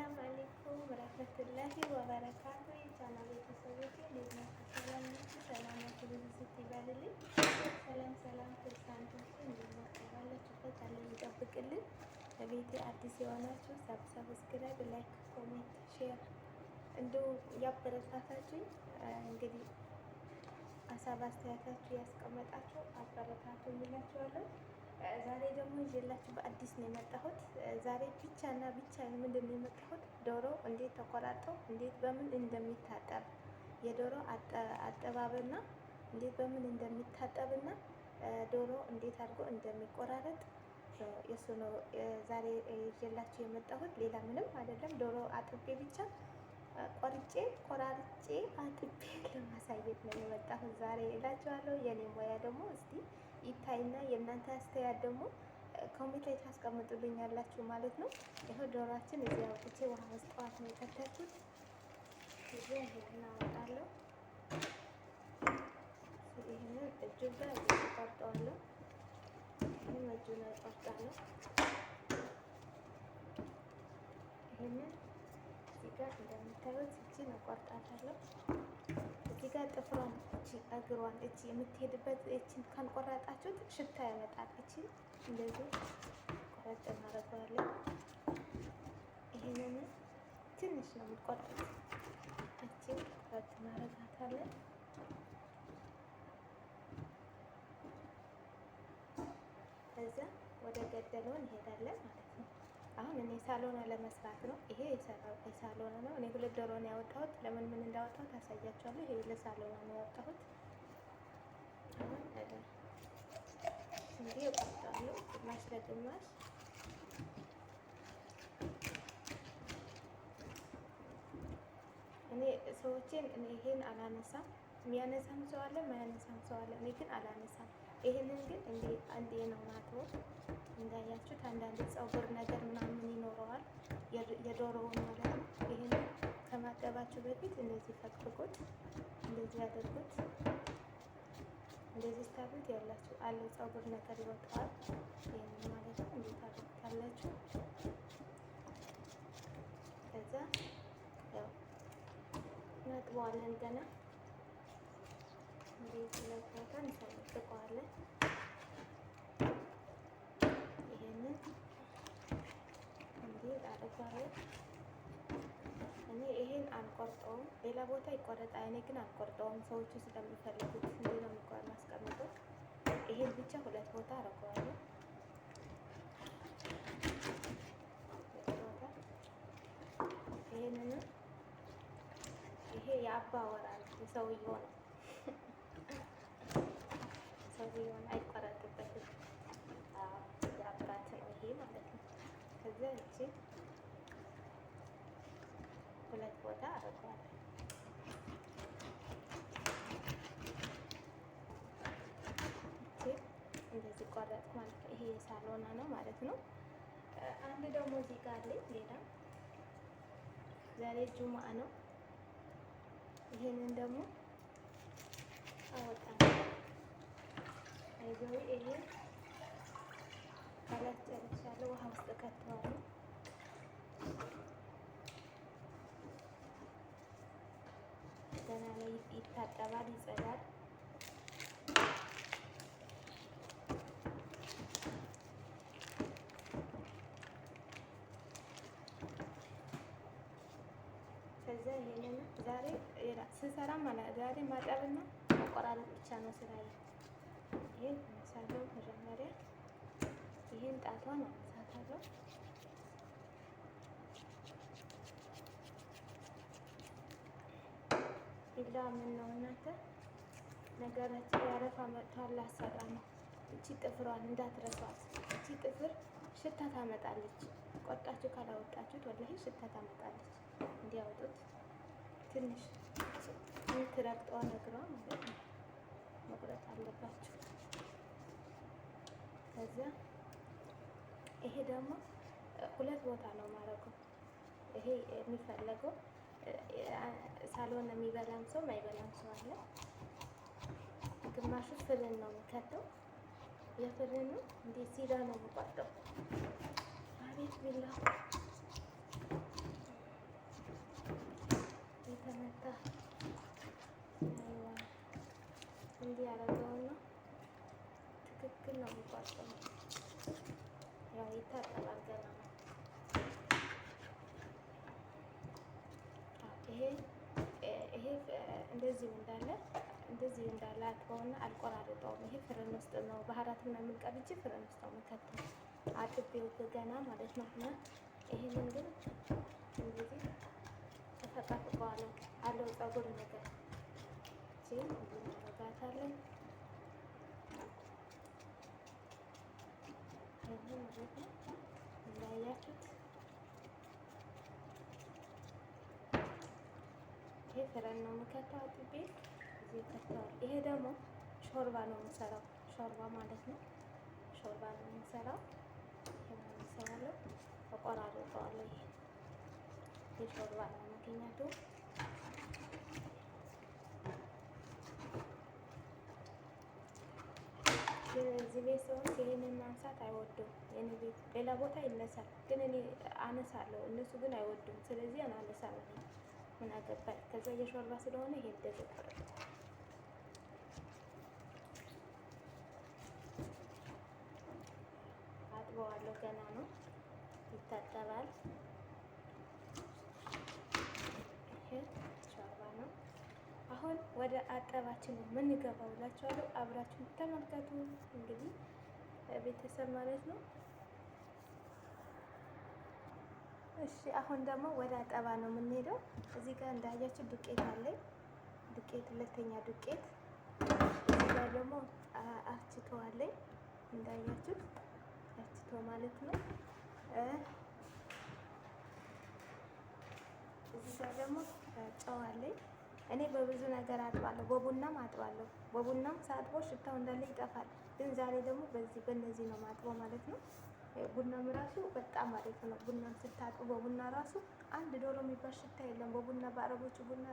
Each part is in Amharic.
ሰላም አለይኩም ወራህመቱላሂ ወበረካቱ የቻና ቤተሰቦች እንዴት ናችሁ? ሰላም ናችሁ? ሰላማችሁ ብዙ ሰላም ሰላም ክርስቲያኖች እንዴት ናችሁ? ባላችሁበት አለ ይጠብቅልን። አዲስ የሆናችሁ ሰብስክራይብ፣ ላይክ፣ ኮሜንት፣ ሼር እንዲሁ ያበረታታችሁኝ እንግዲህ አስተያየታችሁ ያስቀመጣችሁ አበረታቱ እንላችኋለን። ዛሬ ደግሞ ይዤላችሁ በአዲስ ነው የመጣሁት። ዛሬ ብቻ እና ብቻ ምንድን ነው የመጣሁት ዶሮ እንዴት ተቆራርጦ እንዴት በምን እንደሚታጠብ የዶሮ አጠባብና እንዴት በምን እንደሚታጠብና ዶሮ እንዴት አድርጎ እንደሚቆራረጥ የሱ ነው ዛሬ ይዤላችሁ የመጣሁት። ሌላ ምንም አይደለም። ዶሮ አጥቤ ብቻ ቆርጬ ቆራርጬ አጥቤ ለማሳየት ነው የመጣሁት ዛሬ እላችኋለሁ። የኔ ሙያ ደግሞ እስቲ ይታይና የእናንተ አስተያየት ደግሞ ኮሜንት ላይ ታስቀምጡልኝ ያላችሁ ማለት ነው። ይኸው ዶሯችን እዚህ አውጥቼ ውሃ ውስጥ ጠዋት ነው የከተቱት። እዚያ እናወጣለሁ። ይህንን እጁ ጋር ቆርጠዋለሁ። ይህም እጁ ላይ ቆርጣለሁ። ይህንን እዚህ ጋር እንደምታዩት እጅ ነው ቆርጣታለሁ። እዚህ ጋር ጥፍሯን እቺ እግሯን እቺ የምትሄድበት እቺን ካልቆረጣችሁት ሽታ ያመጣል። እቺ እንደዚህ ቆረጥ እናደርገዋለን። ትንሽ ነው የምትቆርጡት። እቺ ቆረጥ እናደርጋታለን። ከዛ ወደ ገደለውን እንሄዳለን ማለት ነው። አሁን እኔ ሳሎና ለመስራት ነው። ይሄ የሳሎና ነው። እኔ ሁለት ዶሮ ነው ያወጣሁት። ለምን ምን እንዳወጣሁት አሳያችኋለሁ። ይሄ ለሳሎና ነው ያወጣሁት። አሁን እንዲህ ግማሽ ለግማሽ እኔ ሰዎችን ይሄን አላነሳም። የሚያነሳም ሰው አለ፣ የማያነሳም ሰው አለ። እኔ ግን አላነሳም። ይህንን ግን እንዴ አንዴ ነው ማጥቦት። እንዳያችሁት አንዳንድ ፀጉር ነገር ምናምን ይኖረዋል የዶሮውን ማለት ነው። ይህንን ከማጠባችሁ በፊት እንደዚህ ፈቅፍቁት፣ እንደዚህ አድርጉት። እንደዚህ ስታሉት ያላችሁ አለ ፀጉር ነገር ይወጣዋል። ይህንን ማለት ነው እንዴት አድርጉታላችሁ። ከዛ ያው እናጥበዋለን ገና እንዴት ለቦታ እንሰራ እናጥለቀዋለን። ይህንን እንዴት አድርጓለን። እኔ ይሄን አልቆርጠውም፣ ሌላ ቦታ ይቆረጣል። እኔ ግን አልቆርጠውም፣ ሰዎቹ ስለሚፈልጉት እንዲ ነው የማስቀምጠው። ይሄን ብቻ ሁለት ቦታ አደርገዋለሁ። ይሄንንም ይሄ የአባ ነው የሰውየው ነው ሰውየውን አይቆረጥበትም። የአባት ነው ይሄ ማለት ነው። ከዚያ እቺ ሁለት ቦታ አረገዋል። እቺ እንደዚህ ቆረጥ ማለት ነው። ይሄ የሳሎና ነው ማለት ነው። አንድ ደግሞ እዚህ ጋር አለኝ ሌላ። ዛሬ ጁማ ነው። ይሄንን ደግሞ አወጣ ባይዘው ይሄ ከላት ጨርሻለሁ። ውሃ ውስጥ ከተዋለሁ። ገና ላይ ይታጠባል፣ ይጸዳል። ከዛ ይሄንን ዛሬ ስንሰራ ማለት ዛሬ ማጠብና መቆራረጥ ብቻ ነው ስራዬ። ይህን አነሳለሁ። መጀመሪያ ይህን ጣቷን አነሳታለሁ። ቢላ ምን ነው እናንተ ነገራችን ያረፋ መጥቷል። አሳጣ ነው። እቺ ጥፍሯን እንዳትረሷት። እቺ ጥፍር ሽታ ታመጣለች። ቆርጣችሁ ካላወጣችሁት ወላሂ ሽታ ታመጣለች። እንዲያወጡት ትንሽ ትረግጧ ነግሯ ማለት ነው መቁረጥ አለባችሁ። ከዚያ ይሄ ደግሞ ሁለት ቦታ ነው ማረገው። ይሄ የሚፈለገው ሳሎን የሚበላም ሰው ማይበላም ሰው አለ። ግማሹ ፍርን ነው የሚከተው፣ የፍርን እንዴት ሲዳ ነው የሚቋጠው። አቤት ቢላ የተመታ እንዲህ ያደረገው ነው ግን ነው የሚቋጠረው። ያው ይታጠባል ገና ነው። ይሄ ይሄ እንደዚህ እንዳለ እንደዚህ እንዳለ አጥበውና አልቆራርጠውም። ይሄ ፍርን ውስጥ ነው ባህራት ምናምን ቀብቼ ፍርን ውስጥ ነው የምከተው አጥቤው ገና ማለት ነው። እና ይሄንን ግን እንደዚህ ተፈጣፍቀዋለሁ አለው ፀጉር ነገር ሲል እንዲህ እናደርጋታለን እንደዚህ ማለት ነው እንዳያችሁት ይሄ ፍረን ነው የምከተው አጥቤ እዚህ ከተዋል። ይሄ ደግሞ ሾርባ ነው የምሰራው ሾርባ ማለት ነው። ሾርባ ነው የምሰራው የምሰራለው ተቆራርጠዋለሁ። ይሄ ሾርባ ነው ምክንያቱም እዚህ ቤት ሰዎች ይሄንን ማንሳት አይወዱም። የኔ ቤት ሌላ ቦታ ይነሳል፣ ግን እኔ አነሳለሁ። እነሱ ግን አይወዱም። ስለዚህ አናነሳም። ምን አገባኝ። ከዛ እየሾርባ ስለሆነ ይሄ ደግ አጥበዋለሁ። ገና ነው፣ ይታጠባል። ወደ አጠባችን ነው የምንገባው እላችኋለሁ። አብራችሁ ተመልከቱ። እንግዲህ ቤተሰብ ማለት ነው። እሺ አሁን ደግሞ ወደ አጠባ ነው የምንሄደው። እዚህ ጋር እንዳያችሁ ዱቄት አለኝ። ዱቄት ሁለተኛ ዱቄት ጋር ደግሞ አርችቶ አለኝ። እንዳያችሁ አርችቶ ማለት ነው። እዚህ ጋር ደግሞ ጨው አለኝ። እኔ በብዙ ነገር አጥባለሁ፣ በቡናም አጥባለሁ። በቡናም ሳጥቦ ሽታው እንዳለ ይጠፋል። ግን ዛሬ ደግሞ በዚህ በእነዚህ ነው ማጥቦ ማለት ነው። ቡናም ራሱ በጣም አሪፍ ነው። ቡናም ስታጡ በቡና ራሱ አንድ ዶሮ የሚባል ሽታ የለም። በቡና በአረቦቹ ቡና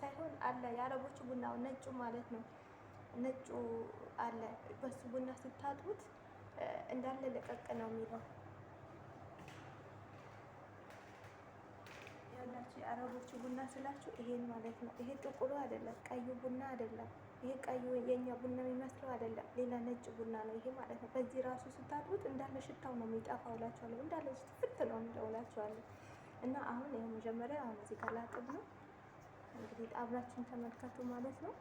ሳይሆን አለ የአረቦቹ ቡና ነጩ ማለት ነው። ነጩ አለ በሱ ቡና ስታጡት እንዳለ ለቀቅ ነው የሚለው ታውቃላችሁ? የአረቦቹ ቡና ስላችሁ ይሄን ማለት ነው። ይሄ ጥቁሩ አይደለም፣ ቀዩ ቡና አይደለም። ይሄ ቀዩ የእኛ ቡና የሚመስለው አይደለም፣ ሌላ ነጭ ቡና ነው ይሄ ማለት ነው። በዚህ ራሱ ስታጥቡት እንዳለ ሽታው ነው የሚጠፋው እላችኋለሁ። እንዳለ ፍት ነው የሚለው እላችኋለሁ። እና አሁን ይሄ መጀመሪያ አሁን እዚህ ጋር ላጥብ ነው እንግዲህ ጣብላችሁን ተመልከቱ ማለት ነው።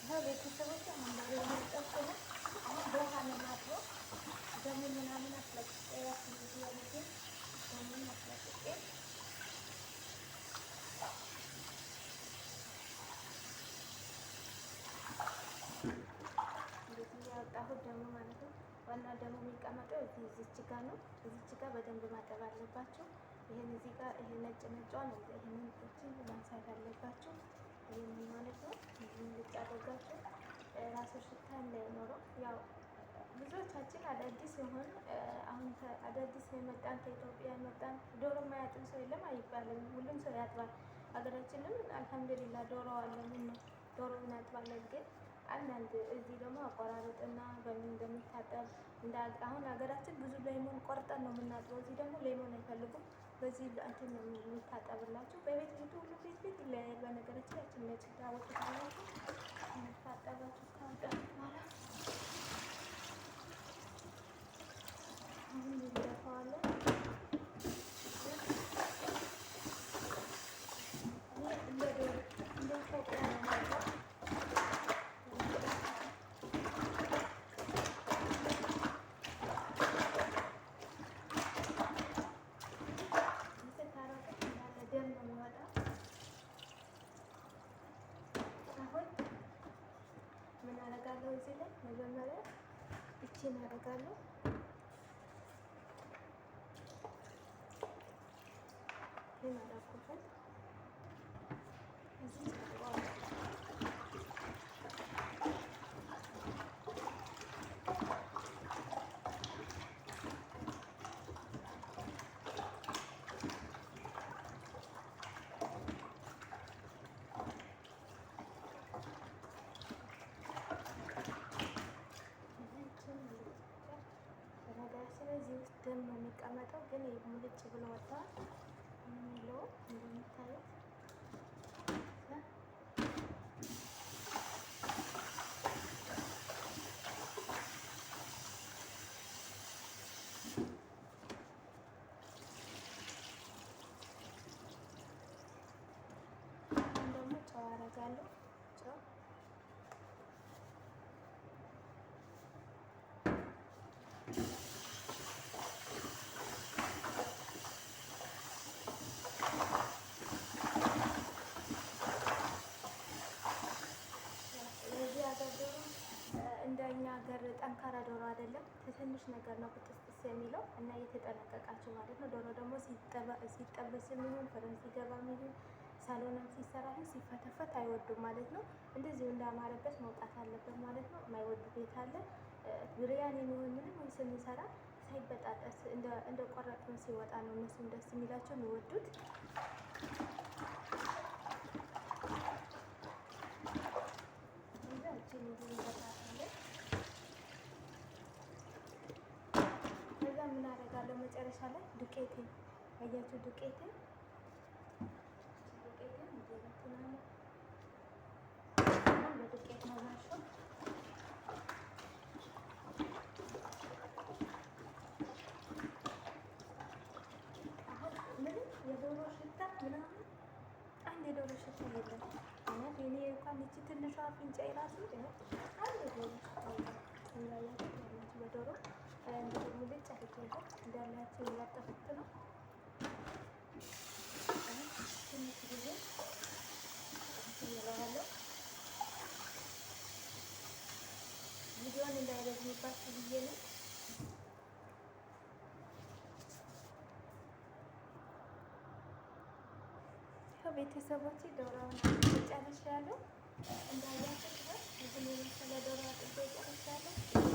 እዛ ቤተሰቦች አንዳንድ የሚጠጡ ነው አሁን ቦታ ነው ማጥበው በምን ምናምን አስለቅቄ ያስ ጊዜ ያሉትን በምን አስለቅቄ ዋና ደግሞ የሚቀመጠው እዚች ጋ ነው። እዚች ጋ በደንብ ማጠብ አለባቸው። ይህን እዚህ ጋ ይሄ ነጭ ነጫዋን ይህንን እችን ማንሳት አለባቸው። ይህን ማለት ነው። ይህን ልጭ አድርጋችሁ ራሱ ሽታ እንዳይኖረው ያው ብዙዎቻችን አዳዲስ የሆን አሁን አዳዲስ የመጣን ከኢትዮጵያ የመጣን ዶሮ የማያጥብ ሰው የለም አይባልም። ሁሉም ሰው ያጥባል። ሀገራችንም አልሐምዱሊላ ዶሮ አለ። ምን ነው ዶሮ እናጥባለን ግን አንዳንድ እዚህ ደግሞ አቆራረጥና በምን እንደሚታጠብ አሁን ሀገራችን ብዙ ላይሞን ቆርጠን ነው የምናጥበው። እዚህ ደግሞ ሌሞን አይፈልጉም። በዚህ እንትን ነው የሚታጠብላችሁ። በቤት ቤቱ ሁሉ ቤት ቤት ይለያል። በነገራችን ያችን ነጭ ዳወት ታላችሁ የሚታጠባችሁ አሁን ይህን አደርጋለሁ። ይህን አደርኩበት እዚህ తర్వాత ఒక ముందు చెవుల వద్ద నీళ్ళు እኛ ሀገር ጠንካራ ዶሮ አይደለም፣ ትንሽ ነገር ነው ቁጥስጥስ የሚለው እና እየተጠነቀቃቸው ማለት ነው። ዶሮ ደግሞ ሲጠበስ የሚሆን ፍርም ሲገባ የሚሆን ሳሎንም ሲሰራ ሲፈተፈት አይወዱም ማለት ነው። እንደዚሁ እንዳማረበት መውጣት አለበት ማለት ነው። የማይወዱ ቤት አለ። ብርያን የሚሆን ምንም ስንሰራ ሳይበጣጠስ እንደ ቆረጥን ሲወጣ ነው እነሱም ደስ የሚላቸው የሚወዱት። ዱቄትን አያችሁ፣ ዱቄትን ዱቄትን በዱቄት የዶሮ ሽታ ምናምን አንድ የዶሮ ሽታ የለም። እውነት የኔ እንኳን ትንሿ አፍንጫ የራሱ አንድ የዶሮ ሽታ ዶሮ እንደዚህ ሙልጭ አድርጌበት እንዳላችሁ እያጠፉት ነው። ትንሽ ጊዜ ቪዲዮን እንዳይረዝምባችሁ ብዬ ነው። ቤተሰቦች ዶሮውን ጨርሻለሁ። እንዳያችሁ ስለ ዶሮ አጥቤ ጨርሻለሁ።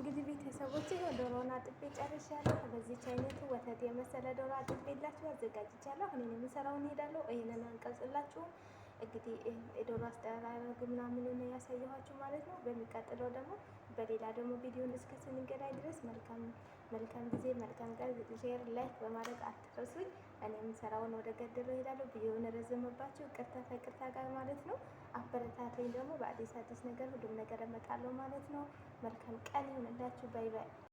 እንግዲህ ቤተሰቦች ዶሮን አጥቤ ጨርሻለሁ። በዚች አይነቱ ወተት የመሰለ ዶሮ አጥቤላችሁ አዘጋጅቻለሁ። እኔን የምሰራውን እሄዳለሁ። ይህንን አንቀርጽላችሁ እንግዲህ የዶሮ አስተራረግ ምናምን ያሳየኋችሁ ማለት ነው። በሚቀጥለው ደግሞ በሌላ ደግሞ ቪዲዮን እስከ ስንገናኝ ድረስ መልካም መልካም ጊዜ መልካም ጋር ሼር፣ ላይክ በማድረግ አትረሱኝ። እኔ የምሰራውን ወደ ገደለው እሄዳለሁ። ቪዲዮውን ረዘመባችሁ፣ ይቅርታ ከይቅርታ ጋር ማለት ነው። አበረታቶኝ ደግሞ በአዲስ አዲስ ነገር ሁሉም ነገር እመጣለሁ ማለት ነው። መልካም ቀን ይሁንላችሁ። ባይ ባይ።